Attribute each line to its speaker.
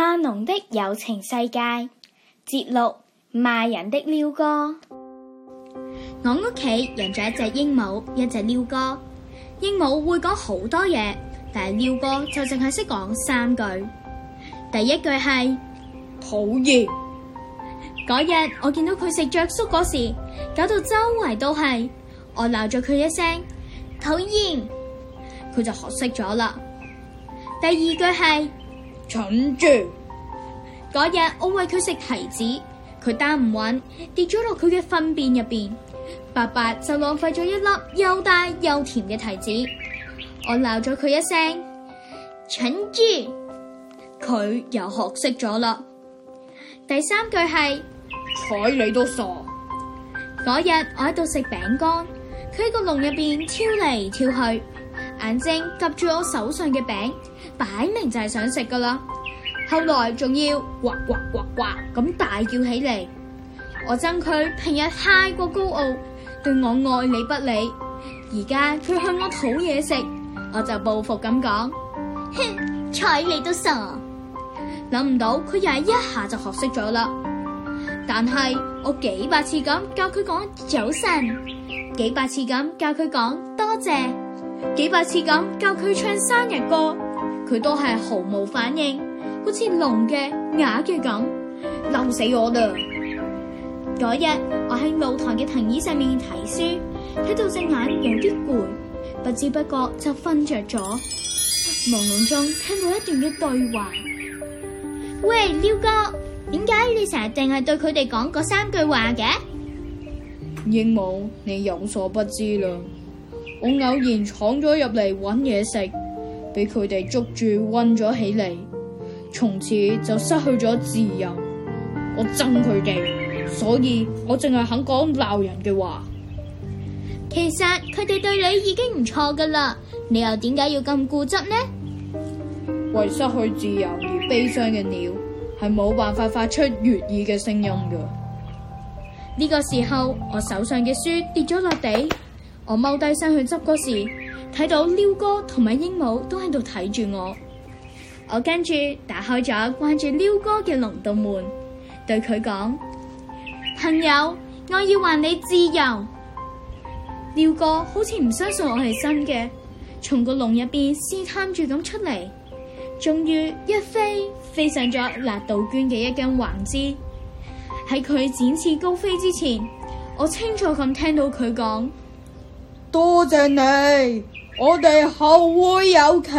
Speaker 1: 阿濃的有情世界節錄，罵人的了哥。我屋企有咗一隻鸚鵡，一隻了哥。鸚鵡會講好多嘢，但係了哥就淨係識講三句。第一句係討厭。嗰日厭我見到佢食着粟嗰時，搞到周圍都係，我鬧咗佢一聲討厭，佢厭就學識咗啦。第二句係。蠢豬！嗰日我餵佢食提子，佢擔唔穩，跌咗落佢嘅糞便入邊，白白就浪費咗一粒又大又甜嘅提子。我鬧咗佢一聲，蠢豬，佢又學識咗啦。第三句係睬你都傻。嗰日我喺度食餅乾，佢喺個籠入邊跳嚟跳去，眼睛夾住我手上嘅餅。擺明就係想食噶啦，後來仲要呱呱呱呱咁大叫起嚟。我憎佢平日太過高傲，對我愛理不理。而家佢向我討嘢食，我就報復咁講：哼，睬你都傻！諗唔到佢又係一下就學識咗啦。但係我幾百次咁教佢講早晨，幾百次咁教佢講多謝，幾百次咁教佢唱生日歌。佢都係毫無反應，好似聾嘅啞嘅咁，嬲死我啦！嗰日我喺露台嘅藤椅上面睇書，睇到隻眼有啲攰，不知不覺就瞓着咗。朦朧中聽到一段嘅對話：喂，了哥，點解你成日淨係對佢哋講嗰三句話嘅？鸚鵡，你有所不知啦，我偶然闖咗入嚟搵嘢食。俾佢哋捉住，困咗起嚟，從此就失去咗自由。我憎佢哋，所以我淨係肯講鬧人嘅話。其實佢哋對你已經唔錯噶啦，你又點解要咁固執呢？為失去自由而悲傷嘅鳥，係冇辦法發出悅耳嘅聲音噶。呢個時候，我手上嘅書跌咗落地，我踎低身去執嗰時。睇到了哥同埋鸚鵡都喺度睇住我，我跟住打開咗關住了哥嘅籠道門，對佢講：朋友，我要還你自由。了哥好似唔相信我係真嘅，從個籠入邊試探住咁出嚟，終於一飛飛上咗臘杜鵑嘅一根橫枝。喺佢展翅高飛之前，我清楚咁聽到佢講：多謝你。我哋後會有期。